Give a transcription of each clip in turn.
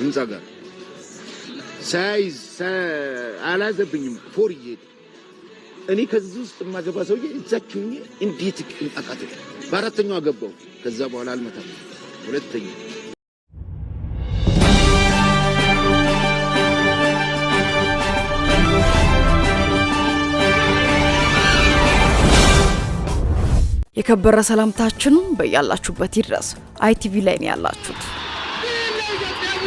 ህንፃ ጋር ሳይዝ አላዘብኝም። ፎር እኔ ከዚህ ውስጥ የማገባ ሰውዬ እዛችኝ እንዴት አቃት። በአራተኛው አገባው። ከዛ በኋላ አልመታም። ሁለተኛ የከበረ ሰላምታችን በያላችሁበት ይድረስ። አይቲቪ ላይ ነው ያላችሁት።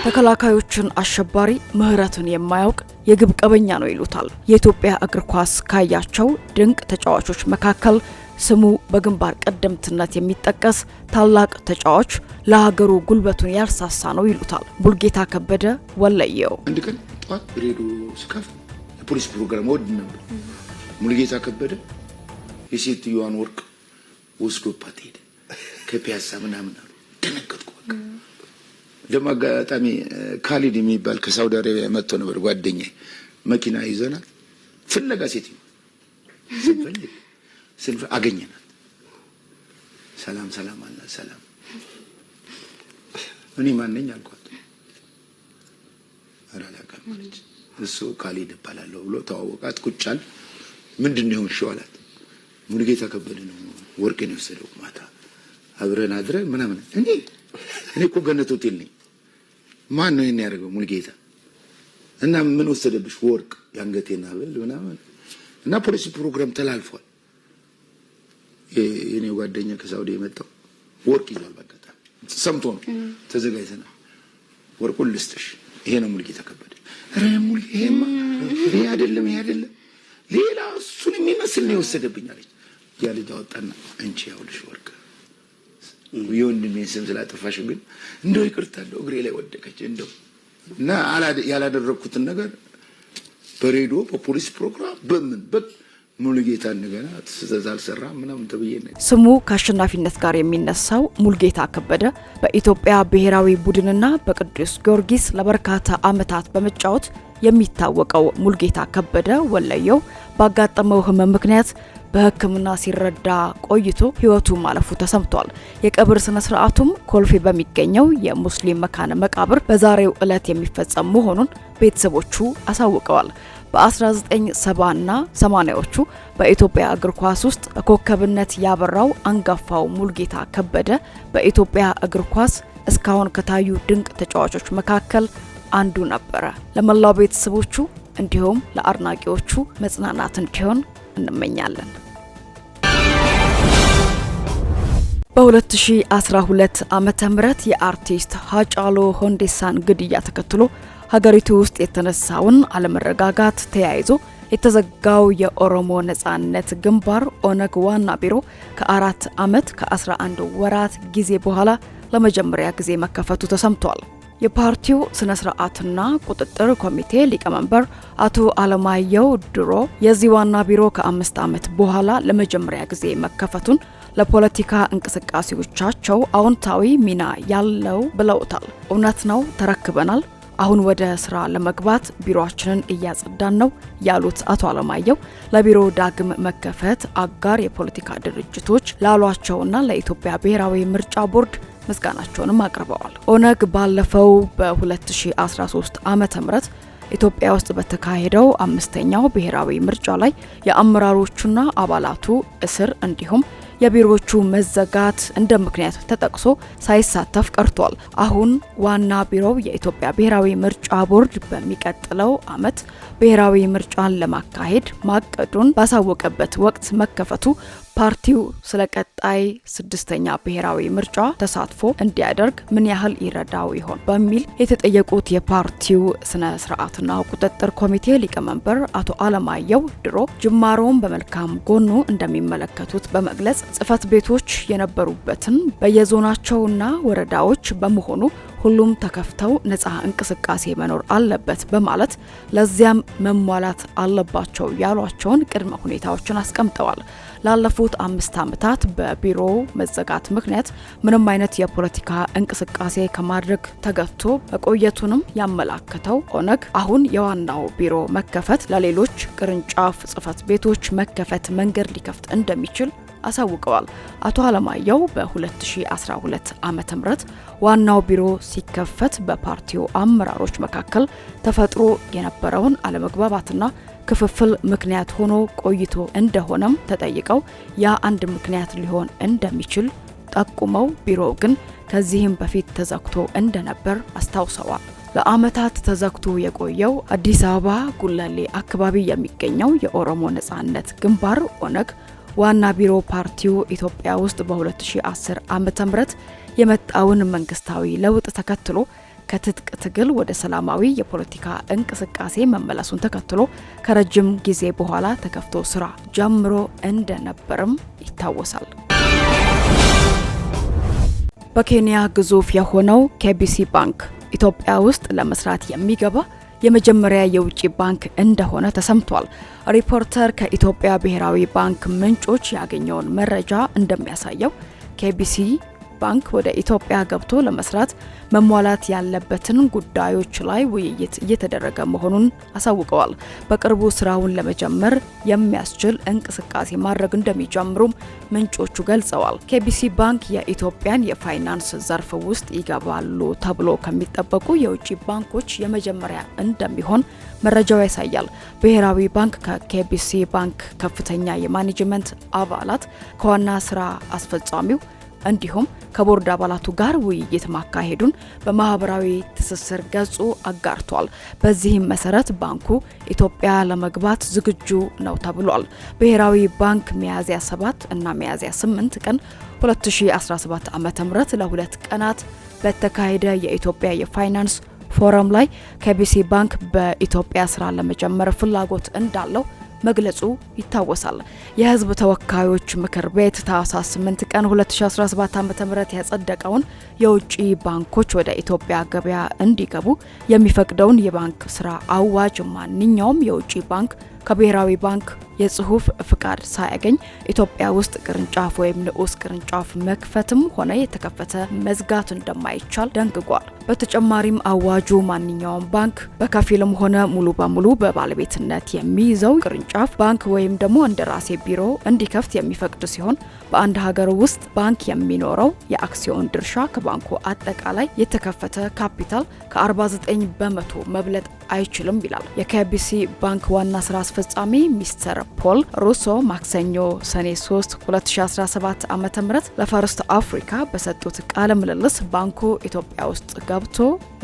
ተከላካዮችን አሸባሪ፣ ምህረትን የማያውቅ የግብ ቀበኛ ነው ይሉታል። የኢትዮጵያ እግር ኳስ ካያቸው ድንቅ ተጫዋቾች መካከል ስሙ በግንባር ቀደምትነት የሚጠቀስ ታላቅ ተጫዋች ለሀገሩ ጉልበቱን ያልሳሳ ነው ይሉታል ቡልጌታ ከበደ ወለየው። አንድ ቀን ጠዋት ሬዲዮ ስከፍት የፖሊስ ፕሮግራም ወድ ነበር። ሙልጌታ ከበደ የሴትዮዋን ወርቅ ወስዶባት ሄደ ከፒያሳ ምናምን አሉ ደግሞ አጋጣሚ ካሊድ የሚባል ከሳውዲ አረቢያ መጥቶ ነበር ጓደኛ መኪና ይዘናል ፍለጋ ሴትዮ ስንፈልግ ስንፍ አገኘናት። ሰላም ሰላም አለ ሰላም እኔ ማነኝ አልኳት። ኧረ አላውቅም እሱ ካሊድ እባላለሁ ብሎ ተዋወቃት። ቁጫል ምንድን ነው የሆንሽው አላት። ሙሉጌታ ከበደ ነው ወርቅ ነው የወሰደው ማታ አብረን አድረን ምናምን እኔ እኔ እኮ ገነት ሆቴል ነኝ ማን ነው ይሄን ያደርገው? ሙልጌታ እና ምን ወሰደብሽ? ወርቅ የአንገቴን ሀብል ምናምን እና ፖሊሲ ፕሮግራም ተላልፏል። የኔ ጓደኛ ከሳውዲ የመጣው ወርቅ ይዟል። በአጋጣሚ ሰምቶ ነው ተዘጋጅተና ወርቁን ልስጥሽ፣ ይሄ ነው ሙልጌታ ከበደ። ኧረ ሙልጌታ ይሄማ ይሄ አይደለም ይሄ አይደለም ሌላ እሱን የሚመስል ነው የወሰደብኝ አለች። ያ ልጅ አወጣና እንቺ ያውልሽ ወርቅ የወንድሜን ስም ስላጠፋሽ ግን እንደው ይቅርታ፣ እንደው እግሬ ላይ ወደቀች እንደው እና ያላደረግኩትን ነገር በሬዲዮ በፖሊስ ፕሮግራም በምን በ ሙሉጌታ እንደገና ስህተት አልሰራ ምናምን ተብዬ ነ ስሙ ከአሸናፊነት ጋር የሚነሳው ሙሉጌታ ከበደ በኢትዮጵያ ብሔራዊ ቡድንና በቅዱስ ጊዮርጊስ ለበርካታ ዓመታት በመጫወት የሚታወቀው ሙሉጌታ ከበደ ወለየው ባጋጠመው ህመም ምክንያት በሕክምና ሲረዳ ቆይቶ ህይወቱ ማለፉ ተሰምቷል። የቀብር ስነ ስርዓቱም ኮልፌ በሚገኘው የሙስሊም መካነ መቃብር በዛሬው ዕለት የሚፈጸም መሆኑን ቤተሰቦቹ አሳውቀዋል። በ1970 እና 80ዎቹ በኢትዮጵያ እግር ኳስ ውስጥ በኮከብነት ያበራው አንጋፋው ሙልጌታ ከበደ በኢትዮጵያ እግር ኳስ እስካሁን ከታዩ ድንቅ ተጫዋቾች መካከል አንዱ ነበረ። ለመላው ቤተሰቦቹ እንዲሁም ለአድናቂዎቹ መጽናናት እንዲሆን እንመኛለን። በ2012 ዓ ም የአርቲስት ሀጫሎ ሆንዴሳን ግድያ ተከትሎ ሀገሪቱ ውስጥ የተነሳውን አለመረጋጋት ተያይዞ የተዘጋው የኦሮሞ ነጻነት ግንባር ኦነግ ዋና ቢሮ ከአራት ዓመት ከ11 ወራት ጊዜ በኋላ ለመጀመሪያ ጊዜ መከፈቱ ተሰምቷል። የፓርቲው ስነ ስርዓትና ቁጥጥር ኮሚቴ ሊቀመንበር አቶ አለማየሁ ድሮ የዚህ ዋና ቢሮ ከአምስት ዓመት በኋላ ለመጀመሪያ ጊዜ መከፈቱን ለፖለቲካ እንቅስቃሴዎቻቸው አዎንታዊ ሚና ያለው ብለውታል። እውነት ነው፣ ተረክበናል። አሁን ወደ ስራ ለመግባት ቢሮችንን እያጸዳን ነው ያሉት አቶ አለማየሁ ለቢሮ ዳግም መከፈት አጋር የፖለቲካ ድርጅቶች ላሏቸውና ለኢትዮጵያ ብሔራዊ ምርጫ ቦርድ ምስጋናቸውንም አቅርበዋል። ኦነግ ባለፈው በ2013 ዓ ም ኢትዮጵያ ውስጥ በተካሄደው አምስተኛው ብሔራዊ ምርጫ ላይ የአመራሮቹና አባላቱ እስር እንዲሁም የቢሮዎቹ መዘጋት እንደ ምክንያት ተጠቅሶ ሳይሳተፍ ቀርቷል። አሁን ዋና ቢሮው የኢትዮጵያ ብሔራዊ ምርጫ ቦርድ በሚቀጥለው ዓመት ብሔራዊ ምርጫን ለማካሄድ ማቀዱን ባሳወቀበት ወቅት መከፈቱ ፓርቲው ስለ ቀጣይ ስድስተኛ ብሔራዊ ምርጫ ተሳትፎ እንዲያደርግ ምን ያህል ይረዳው ይሆን በሚል የተጠየቁት የፓርቲው ስነ ስርዓትና ቁጥጥር ኮሚቴ ሊቀመንበር አቶ አለማየሁ ድሮ ጅማሮውን በመልካም ጎኑ እንደሚመለከቱት በመግለጽ ጽህፈት ቤቶች የነበሩበትን በየዞናቸውና ወረዳዎች በመሆኑ ሁሉም ተከፍተው ነጻ እንቅስቃሴ መኖር አለበት በማለት ለዚያም መሟላት አለባቸው ያሏቸውን ቅድመ ሁኔታዎችን አስቀምጠዋል። ላለፉት አምስት ዓመታት በቢሮ መዘጋት ምክንያት ምንም አይነት የፖለቲካ እንቅስቃሴ ከማድረግ ተገቶ መቆየቱንም ያመላከተው ኦነግ አሁን የዋናው ቢሮ መከፈት ለሌሎች ቅርንጫፍ ጽህፈት ቤቶች መከፈት መንገድ ሊከፍት እንደሚችል አሳውቀዋል። አቶ አለማየሁ በ2012 ዓ ም ዋናው ቢሮ ሲከፈት በፓርቲው አመራሮች መካከል ተፈጥሮ የነበረውን አለመግባባትና ክፍፍል ምክንያት ሆኖ ቆይቶ እንደሆነም ተጠይቀው ያ አንድ ምክንያት ሊሆን እንደሚችል ጠቁመው ቢሮው ግን ከዚህም በፊት ተዘግቶ እንደነበር አስታውሰዋል። ለዓመታት ተዘግቶ የቆየው አዲስ አበባ ጉለሌ አካባቢ የሚገኘው የኦሮሞ ነጻነት ግንባር ኦነግ ዋና ቢሮ ፓርቲው ኢትዮጵያ ውስጥ በ2010 ዓ.ም የመጣውን መንግስታዊ ለውጥ ተከትሎ ከትጥቅ ትግል ወደ ሰላማዊ የፖለቲካ እንቅስቃሴ መመለሱን ተከትሎ ከረጅም ጊዜ በኋላ ተከፍቶ ስራ ጀምሮ እንደነበርም ይታወሳል። በኬንያ ግዙፍ የሆነው ኬቢሲ ባንክ ኢትዮጵያ ውስጥ ለመስራት የሚገባ የመጀመሪያ የውጭ ባንክ እንደሆነ ተሰምቷል። ሪፖርተር ከኢትዮጵያ ብሔራዊ ባንክ ምንጮች ያገኘውን መረጃ እንደሚያሳየው ኬቢሲ ባንክ ወደ ኢትዮጵያ ገብቶ ለመስራት መሟላት ያለበትን ጉዳዮች ላይ ውይይት እየተደረገ መሆኑን አሳውቀዋል። በቅርቡ ስራውን ለመጀመር የሚያስችል እንቅስቃሴ ማድረግ እንደሚጀምሩም ምንጮቹ ገልጸዋል። ኬቢሲ ባንክ የኢትዮጵያን የፋይናንስ ዘርፍ ውስጥ ይገባሉ ተብሎ ከሚጠበቁ የውጭ ባንኮች የመጀመሪያ እንደሚሆን መረጃው ያሳያል። ብሔራዊ ባንክ ከኬቢሲ ባንክ ከፍተኛ የማኔጅመንት አባላት ከዋና ስራ አስፈጻሚው እንዲሁም ከቦርድ አባላቱ ጋር ውይይት ማካሄዱን በማህበራዊ ትስስር ገጹ አጋርቷል። በዚህም መሰረት ባንኩ ኢትዮጵያ ለመግባት ዝግጁ ነው ተብሏል። ብሔራዊ ባንክ ሚያዝያ 7 እና ሚያዝያ 8 ቀን 2017 ዓ.ም ለሁለት ቀናት በተካሄደ የኢትዮጵያ የፋይናንስ ፎረም ላይ ከቢሲ ባንክ በኢትዮጵያ ስራ ለመጀመር ፍላጎት እንዳለው መግለጹ ይታወሳል። የህዝብ ተወካዮች ምክር ቤት ታህሳስ 8 ቀን 2017 ዓ ም ያጸደቀውን የውጭ ባንኮች ወደ ኢትዮጵያ ገበያ እንዲገቡ የሚፈቅደውን የባንክ ስራ አዋጅ ማንኛውም የውጭ ባንክ ከብሔራዊ ባንክ የጽሁፍ ፍቃድ ሳያገኝ ኢትዮጵያ ውስጥ ቅርንጫፍ ወይም ንዑስ ቅርንጫፍ መክፈትም ሆነ የተከፈተ መዝጋት እንደማይቻል ደንግጓል። በተጨማሪም አዋጁ ማንኛውም ባንክ በከፊልም ሆነ ሙሉ በሙሉ በባለቤትነት የሚይዘው ቅርንጫፍ ባንክ ወይም ደግሞ እንደራሴ ቢሮ እንዲከፍት የሚፈቅድ ሲሆን በአንድ ሀገር ውስጥ ባንክ የሚኖረው የአክሲዮን ድርሻ ከባንኩ አጠቃላይ የተከፈተ ካፒታል ከ49 በመቶ መብለጥ አይችልም ይላል የኬቢሲ ባንክ ዋና ስራ አስፈጻሚ ሚስተር ፖል ሩሶ ማክሰኞ ሰኔ 3 2017 ዓ ም ለፈርስት አፍሪካ በሰጡት ቃለ ምልልስ ባንኩ ኢትዮጵያ ውስጥ ገብቶ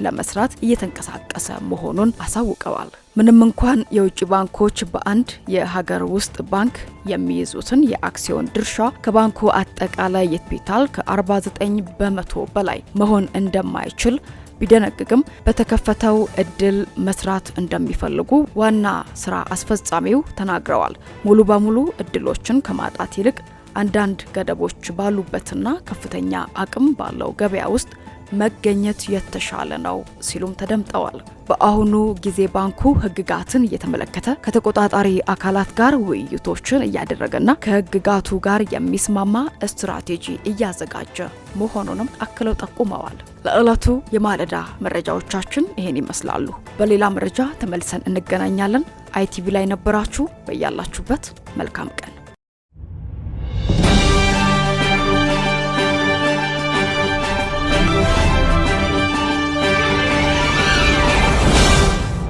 ለመስራት እየተንቀሳቀሰ መሆኑን አሳውቀዋል። ምንም እንኳን የውጭ ባንኮች በአንድ የሀገር ውስጥ ባንክ የሚይዙትን የአክሲዮን ድርሻ ከባንኩ አጠቃላይ የካፒታል ከ49 በመቶ በላይ መሆን እንደማይችል ቢደነግግም በተከፈተው እድል መስራት እንደሚፈልጉ ዋና ስራ አስፈጻሚው ተናግረዋል። ሙሉ በሙሉ እድሎችን ከማጣት ይልቅ አንዳንድ ገደቦች ባሉበትና ከፍተኛ አቅም ባለው ገበያ ውስጥ መገኘት የተሻለ ነው ሲሉም ተደምጠዋል። በአሁኑ ጊዜ ባንኩ ህግጋትን እየተመለከተ ከተቆጣጣሪ አካላት ጋር ውይይቶችን እያደረገና ከህግጋቱ ጋር የሚስማማ ስትራቴጂ እያዘጋጀ መሆኑንም አክለው ጠቁመዋል። ለዕለቱ የማለዳ መረጃዎቻችን ይህን ይመስላሉ። በሌላ መረጃ ተመልሰን እንገናኛለን። አይቲቪ ላይ ነበራችሁ። በያላችሁበት መልካም ቀን